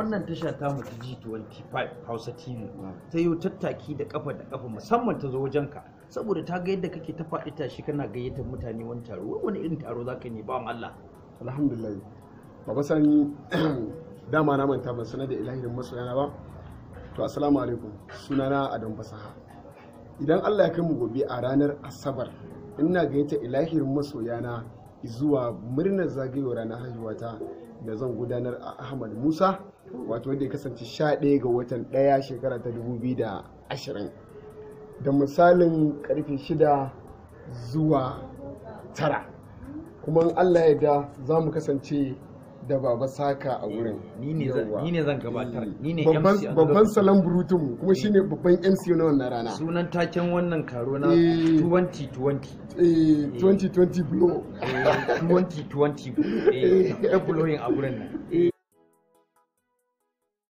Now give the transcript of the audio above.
wannan tasha ta mutu G25 Hausa TV mm. ta yi tattaki da kafa da kafa musamman ta zo wajen ka saboda ta ga yadda kake ta faɗi tashi kana gayyatar mutane wani taro wani irin taro zaka ne ba Allah alhamdulillah baba sani dama na manta ban sanar da ilahirin masoyana ba to assalamu alaikum sunana Adam Fasaha idan Allah ya kai mu gobe a ranar Asabar ina gayyatar ilahirin masoyana zuwa murnar zagayowar ranar ta da zan gudanar a Ahmad Musa wato wanda ya kasance 11 ga watan 1 shekara ta 2020 da misalin karfe 6 zuwa 9 kuma Allah ya da za mu kasance da baba saka a wurin ni ne zan gabatar ni ne MC mm. babban salon burutun kuma shi ne babban MC na wannan rana sunan taken wannan karo na 2020 eh 2020 blow 2020 blow eh, eh blowing a wurin nan eh.